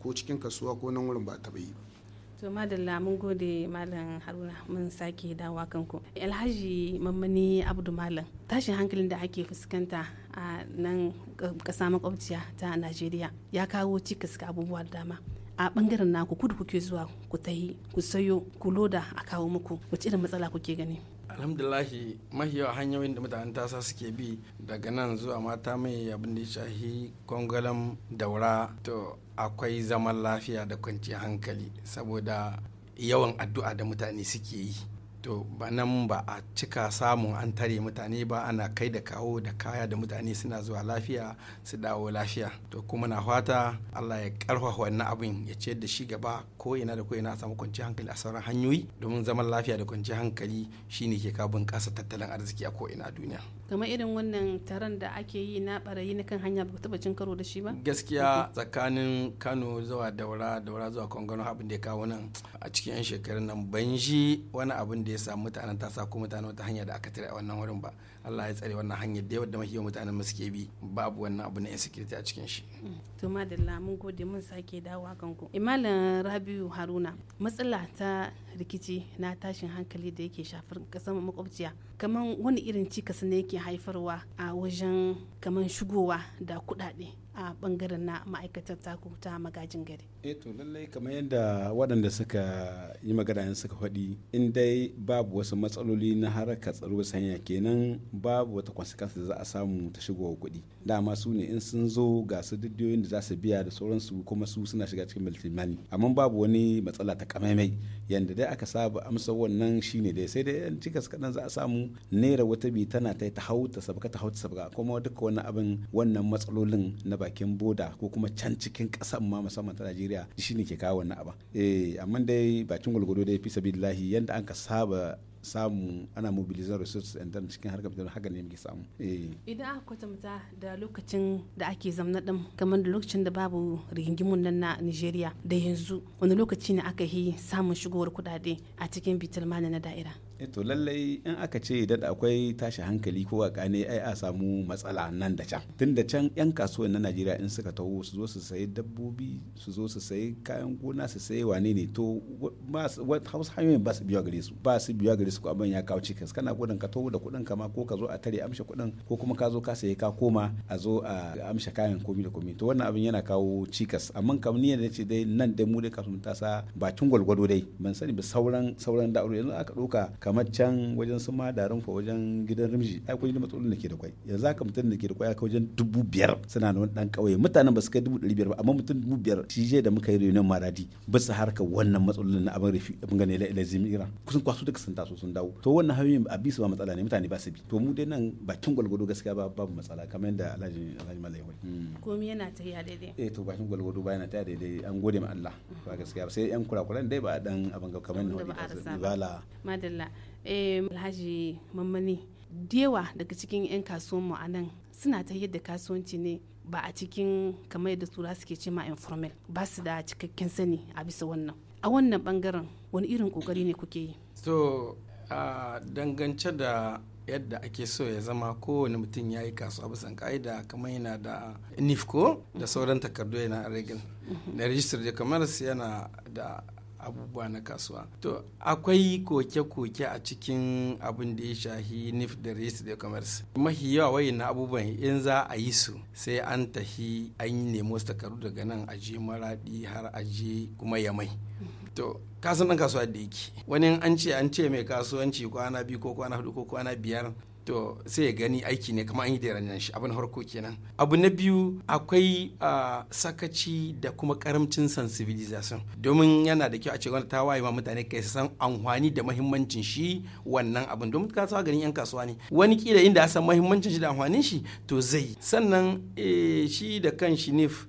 ko cikin kasuwa ko nan wurin ba a taɓa yi ba to madalla mun gode malam haruna mun sake dawa kanku alhaji mamani abdu malam tashin hankalin da ake fuskanta a nan kasa makwabciya ta najeriya ya kawo cikas ga abubuwa da dama a bangaren naku kudu kuke zuwa ku tahi ku sayo ku loda a kawo muku wace irin matsala kuke gani alhamdulahi yawa hanyoyin da mutanen tasa suke bi daga nan zuwa mata mai abin da ya shahi kwangalan daura to akwai zaman lafiya da kwanciyar hankali saboda yawan addu'a da mutane suke yi to ba nan ba a cika samun an tare mutane ba ana kai da kawo da kaya da mutane suna zuwa lafiya su dawo lafiya to kuma na fata Allah ya karfafa wannan abin ya ciyar da shi gaba ko ina da ko ina a samu kwanciyar hankali a sauran hanyoyi domin zaman lafiya da kwanciyar hankali shine ke kawo bunƙasa tattalin arziki a ko ina duniya kamar irin wannan taron da ake yi na barayi na kan hanya ba taba cin karo da shi ba gaskiya tsakanin kano zuwa daura daura zuwa kwangano abin da ya kawo nan a cikin yan shekarun nan ban ji wani abin da ya samu mutanen ta sa ko mutane wata hanya da aka tare a wannan wurin ba Allah ya tsare wannan hanyar da yawan da mafi mutanen mu suke bi babu wannan abu na insecurity a cikin shi mm. to madalla mun gode mun sake dawowa kanku imalan eh, Rabiu Haruna matsala ta rikici na tashin hankali da yake shafar kasar makwabciya kamar wani irin cikas ne yake haifarwa a wajen kamar shigowa da kuɗaɗe a bangaren na ma'aikatar taku ta magajin gari. eh to lallai kamar yadda waɗanda suka yi magana suka faɗi in dai babu wasu matsaloli na harkar tsaro sanya kenan babu wata consequence da za a samu ta shigowa kuɗi dama su ne in sun zo ga su didiyoyin da za su biya da sauransu kuma su suna shiga cikin multimani amma babu wani matsala ta kamaimai yadda dai aka saba amsa wannan shine dai sai dai yan cikas kaɗan za a samu naira wata bi tana ta ta hau ta sabka ta hau ta kuma duka wani abin wannan matsalolin na baki bakin boda ko kuma can cikin ƙasar ma musamman ta Najeriya shi ne ke kawo wannan abin eh amma dai bakin gwalgwado dai fi sabilillahi yanda an ka saba samu ana mobilizar resources and then cikin harkar fitar haka ne muke samu eh. idan aka kwatanta da lokacin da ake zamna din kamar da lokacin da babu rigingimun nan na Nigeria da yanzu wani lokaci ne aka yi samun shigowar kudade a cikin bitar na da'ira Eh to lallai in aka ce da akwai tashi hankali ko waka ne ai a samu matsala nan da can tun da can yan kasuwan na najeriya in suka taho su zo su sayi dabbobi su zo su sayi kayan gona su sayi wane ne to hausa hanyoyin ba su biya gare su ba su biya gare su ko abin ya kawo cikas kana gudun ka taho da kuɗin ka ma ko ka zo a tare amsha kudin ko kuma ka zo ka sayi ka koma a zo a amsha kayan komi da komi to wannan abin yana kawo cikas amma kam ni da ce dai nan dai mu dai sa tasa bakin gwalgwado dai ban sani ba sauran sauran da'uru yanzu aka ɗauka kamar can wajen su da fa wajen gidan rimji ai kun da matsalolin da ke da kwai yanzu haka mutum da ke da kwai aka wajen dubu biyar suna da wani dan kauye mutanen ba su kai dubu ɗari biyar ba amma mutum dubu biyar shi da muka yi reunion maradi bisa harkar wannan matsalolin na abin rufi abin gane lazim ira kusan kwasu duka sun taso sun dawo to wannan hanyoyin a bisu ba matsala ne mutane ba su bi to mu dai nan bakin gwalgwado gaskiya ba babu matsala kamar yadda alhaji alhaji malai wai mm. komai yana tafiya daidai eh to bakin gwalgwado ba yana tafiya daidai an gode ma Allah ba gaskiya sai yan kurakuran dai ba dan abin kamar yadda ba madalla alhaji mammani dewa daga cikin 'yan mu a nan suna ta yadda kasuwanci ne ba a cikin kamar yadda tura suke ce ma informal ba su da cikakken sani a bisa wannan a wannan bangaren wani irin kokari ne kuke yi so a dangance da yadda ake so ya zama kowane mutum ya yi kasuwa bisan ka'ida kamar yana da nifko da sauran takardu yana regal mhm. da rijistar da kamar yana da abubuwa na kasuwa to akwai koke-koke a cikin abin da ya shahi nif da race da commerce mahi yawa wayi na abubuwan in za a yi su sai an tahi an yi nemo takaru daga nan a aje maradi har aje kuma yamai to kasan ɗan kasuwa da yake wani an ce an ce mai kasuwanci kwana biyu ko kwana hudu ko kwana biyar to sai ya gani aiki ne kamar an yi da shi abin harko kenan abu na biyu akwai sakaci da kuma karamcin sensibilization domin yana da kyau a ce wani ta waye ma mutane kai san amfani da mahimmancin shi wannan abin domin ka sa ganin yan kasuwa ne wani kila inda san mahimmancin shi da amfanin shi to zai sannan eh, shi da kan shi nif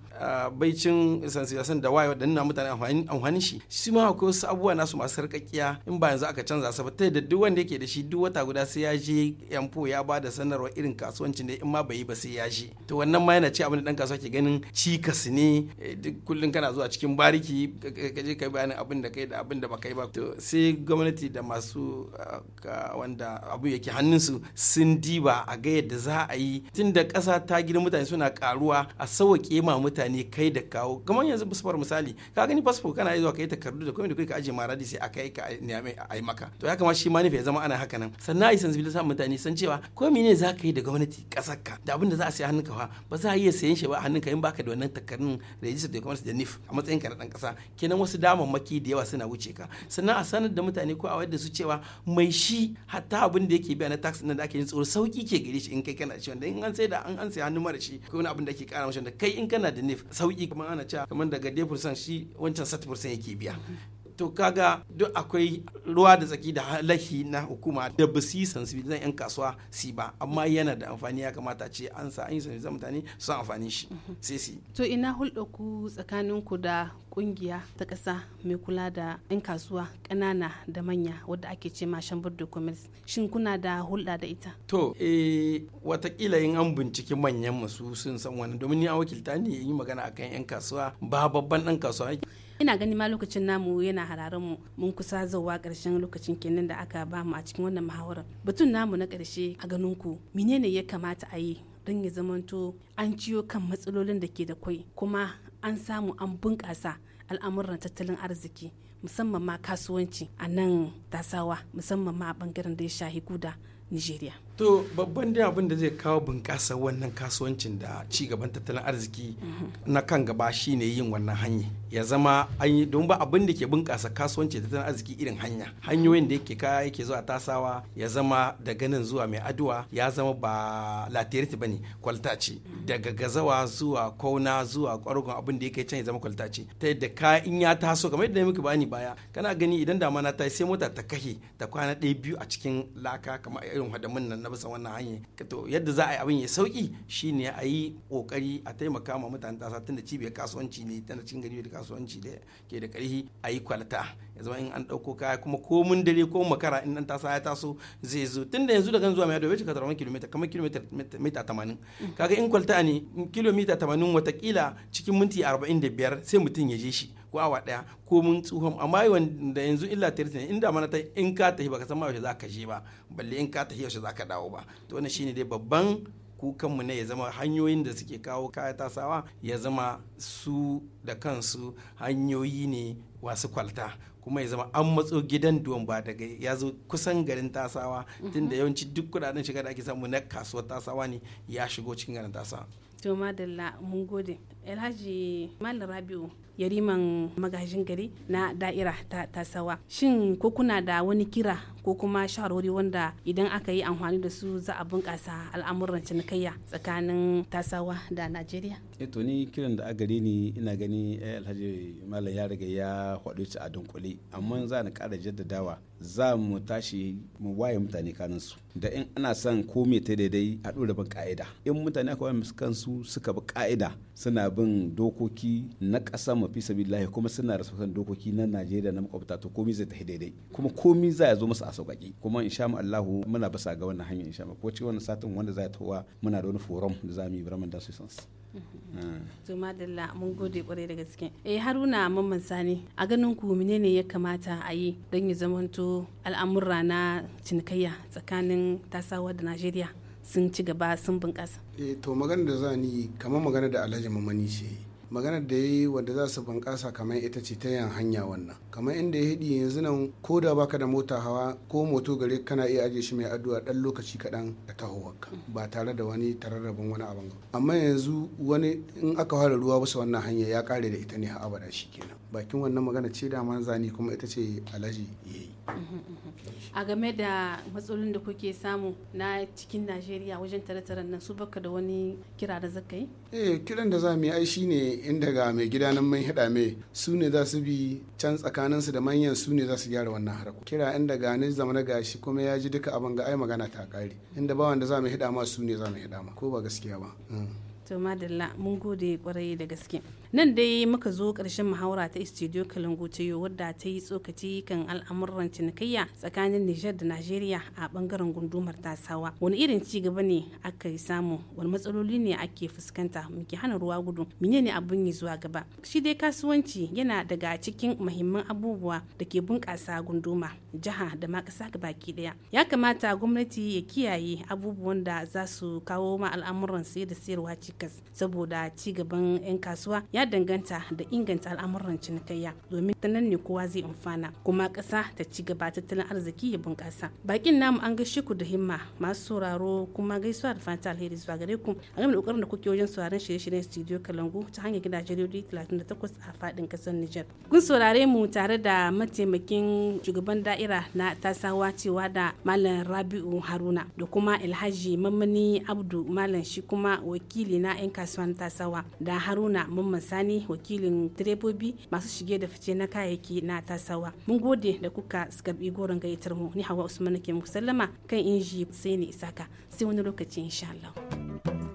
baicin sansiyasan da waye da nuna mutane amfanin shi shi ma akwai wasu abubuwa nasu masu sarƙaƙiya in ba yanzu aka canza su ba ta da duk wanda yake da shi duk wata guda sai ya je shampoo ya ba da sanarwa irin kasuwancin da in ma bai yi ba sai ya shi to wannan ma yana ce abin da dan kasuwa ke ganin cikas ne eh, duk kullun kana zuwa cikin bariki ka je ka bayanin abin da kai da abin da baka yi ba to sai gwamnati da masu ah, wanda abu yake hannunsu sun diba a ga yadda za a yi tun da ƙasa ta gidan mutane suna karuwa a sauwaƙe ma mutane kai da kawo kamar yanzu fasfar misali ka gani fasfo kana zuwa kai takardu da komai da kai ka aje maradi sai a kai ka a yi maka to ya kamata shi ma nufi ya zama ana haka nan sannan a yi sa mutane san cewa ko mene za ka yi da gwamnati kasarka da abin da za a sai hannunka fa ba za a iya sayen shi ba a hannunka in baka da wannan takardun rajistar da gwamnati da NIF a matsayin ka na dan kasa kenan wasu damammaki da yawa suna wuce ka sannan a sanar da mutane ko a wayar da su cewa mai shi hatta abin da yake biya na tax din da ake yin tsoro sauki ke gare shi in kai kana cewa in an sai da an an sai hannun mara shi ko wani abin da ke kara masa da kai in kana da NIF sauki kuma ana cewa kamar daga 10% shi wancan 7% yake biya to kaga duk akwai ruwa da tsaki da halahi na hukuma da ba su yi 'yan kasuwa si ba amma yana da amfani ya kamata ce an sa an yi sensibilizan mutane su amfani shi sai si to ina hulɗa ku tsakanin ku da kungiya ta ƙasa mai kula da 'yan kasuwa ƙanana da manya wadda ake ce ma shambar da commerce shin kuna da hulɗa da ita to eh watakila yin an bincike manyan masu sun san wani domin ni an wakilta ne yi magana akan 'yan kasuwa ba babban ɗan kasuwa ina gani ma lokacin namu yana hararin mu mun kusa zuwa karshen lokacin kenan da aka ba mu a cikin wannan muhawarar batun namu na karshe a ganin ku menene ya kamata a yi don ya zamanto an ciyo kan matsalolin da ke da kwai kuma an samu an bunƙasa al'amuran tattalin arziki musamman ma kasuwanci a nan tasawa musamman ma a bangaren da ya shahi guda nigeria to babban dai abin da zai kawo bunƙasa wannan kasuwancin da ci gaban tattalin arziki na kan gaba shine yin wannan hanya ya zama an yi don ba abin da ke bunƙasa kasuwanci da tattalin arziki irin hanya hanyoyin da yake kaya yake zuwa tasawa ya zama da ganin zuwa mai aduwa ya zama ba latiriti bane kwalta ce daga gazawa zuwa kauna zuwa kwarugon abin da yake can ya zama kwalta ce ta yadda ka in ya taso kamar yadda muka bani baya kana gani idan damana ta sai mota ta kahe ta kwana ɗaya biyu a cikin laka kamar irin hadamin nan bisa wannan hanyar to yadda za a yi abin ya sauki shine a yi kokari a taimaka ma mutane tasa da cibiyar kasuwanci ne tana cikin gari da kasuwanci da ke da karhi a yi kwalta ya zama in an ɗauko kaya kuma ko mun dare ko makara in an tasa ya taso zai zo tun da yanzu daga zuwa mai dobe cika tarwon kilomita kamar kilomita mita tamanin kaga in kwalta ne kilomita tamanin watakila cikin minti arba'in da biyar sai mutum ya je shi ko awa daya ko mun tsuhon amma wanda yanzu illa tirti ne inda mana ta in ka tafi baka san ma yaushe za ka je ba balle in ka tafi yaushe za ka dawo ba to wannan shine dai babban kukanmu ne ya zama hanyoyin da suke kawo kaya tasawa ya zama su da kansu hanyoyi ne wasu kwalta kuma ya zama an matso gidan duwan ba daga ya zo kusan garin tasawa tunda mm-hmm. yawanci duk kudaden shiga da ake samu na kasuwar tasawa ne ya shigo cikin garin tasawa to madalla mun gode alhaji malam rabiu yariman magajin gari na da'ira ta tasawa shin ko kuna da wani kira ko kuma shawarwari wanda idan aka yi amfani da su za a bunƙasa al'amuran cinikayya tsakanin tasawa da najeriya eto eh ni kiran da agare ni ina gani eh, alhaji malam ya riga ya hudu ci a dunkule amma za ni ƙara jaddadawa za mu tashi mu waye mutane su da in ana son ko me ta daidai a ɗora ban ka'ida in mutane aka waye kansu suka bi ka'ida suna bin dokoki na ƙasa mafi sabillahi kuma suna rasa dokoki na Najeriya na makwabta to komi zai tafi daidai kuma komi za ya zo musu a sauƙaƙe kuma in sha allahu muna basa ga wannan hanyar in sha ko ci wannan satin wanda za ya tawa muna da wani forum da za mu yi dasu sans. Mm-hmm. to madalla mun gode kwarai da gaske eh haruna mamman sani a ganin ku menene ya kamata a yi don ya zamanto al'amurra na cinikayya tsakanin tasawa da najeriya sun ci gaba sun bunƙasa. E, to magana da za ni kamar magana da Alhaji Mamani ce magana da ya yi wanda za su bunƙasa kamar ita ce ta yan hanya wannan kamar inda ya hidi yanzu nan ko da baka da mota hawa ko moto gare kana iya ajiye shi mai addu'a dan lokaci kaɗan da tahowarka ba tare da wani tararrabin wani abin amma yanzu wani in aka fara ruwa bisa wannan hanya ya kare da ita ne har abada shi kenan bakin wannan magana ce da man zani kuma ita ce Alhaji ya yi. Mhm, mhm. a game da matsalolin da kuke samu na cikin najeriya wajen tare tare nan su baka da wani kira da zaka yi eh kiran da za mu yi aishi ne inda ga mai gida nan mai hada mai su ne za su bi can tsakanin su da manyan su ne za su gyara wannan harko kira inda ga ni zama na gashi kuma ya ji duka abin ga ai magana ta kare inda ba wanda za mu hada ma su ne za mu hada ma ko ba gaskiya ba mm. to madalla mun gode kwarai da gaske nan dai muka zo ƙarshen muhawara ta studio kalangu ta wadda ta yi tsokaci kan al'amuran cinikayya tsakanin nijar da najeriya a bangaren gundumar tasawa wani irin ci gaba ne aka yi samu wani matsaloli ne ake fuskanta muke hana ruwa gudu ne abun yi zuwa gaba shi dai kasuwanci yana daga cikin muhimman abubuwa da ke bunƙasa gunduma jiha da ma kasa ƙasa baki ɗaya ya kamata gwamnati ya kiyaye abubuwan da za su kawo ma al'amuran sayar da sayarwa cikas saboda ci gaban 'yan kasuwa ya danganta da inganta al'amuran cinikayya domin ta nan ne kowa zai amfana kuma ƙasa ta ci gaba tattalin arziki ya bunƙasa bakin namu an gaishe ku da himma masu sauraro kuma gaisuwa da fata alheri zuwa gare ku a game da ƙoƙarin da kuke wajen sauraron shirye-shiryen studio kalangu ta hanyar gidajen rediyo 38 a faɗin ƙasar Nijar. Kun saurare mu tare da mataimakin shugaban da'ira na tasawa cewa da Malam Rabi'u Haruna da kuma Alhaji Mamani Abdu Malam shi kuma wakili na 'yan kasuwan tasawa da Haruna Mamman sani wakilin direbobi masu shige da fice na kayayyaki na tasawa mun gode da kuka karbi goron gayyatar mu ni hawa usman ke muku sallama kan inji sai ni isaka sai wani lokaci insha Allah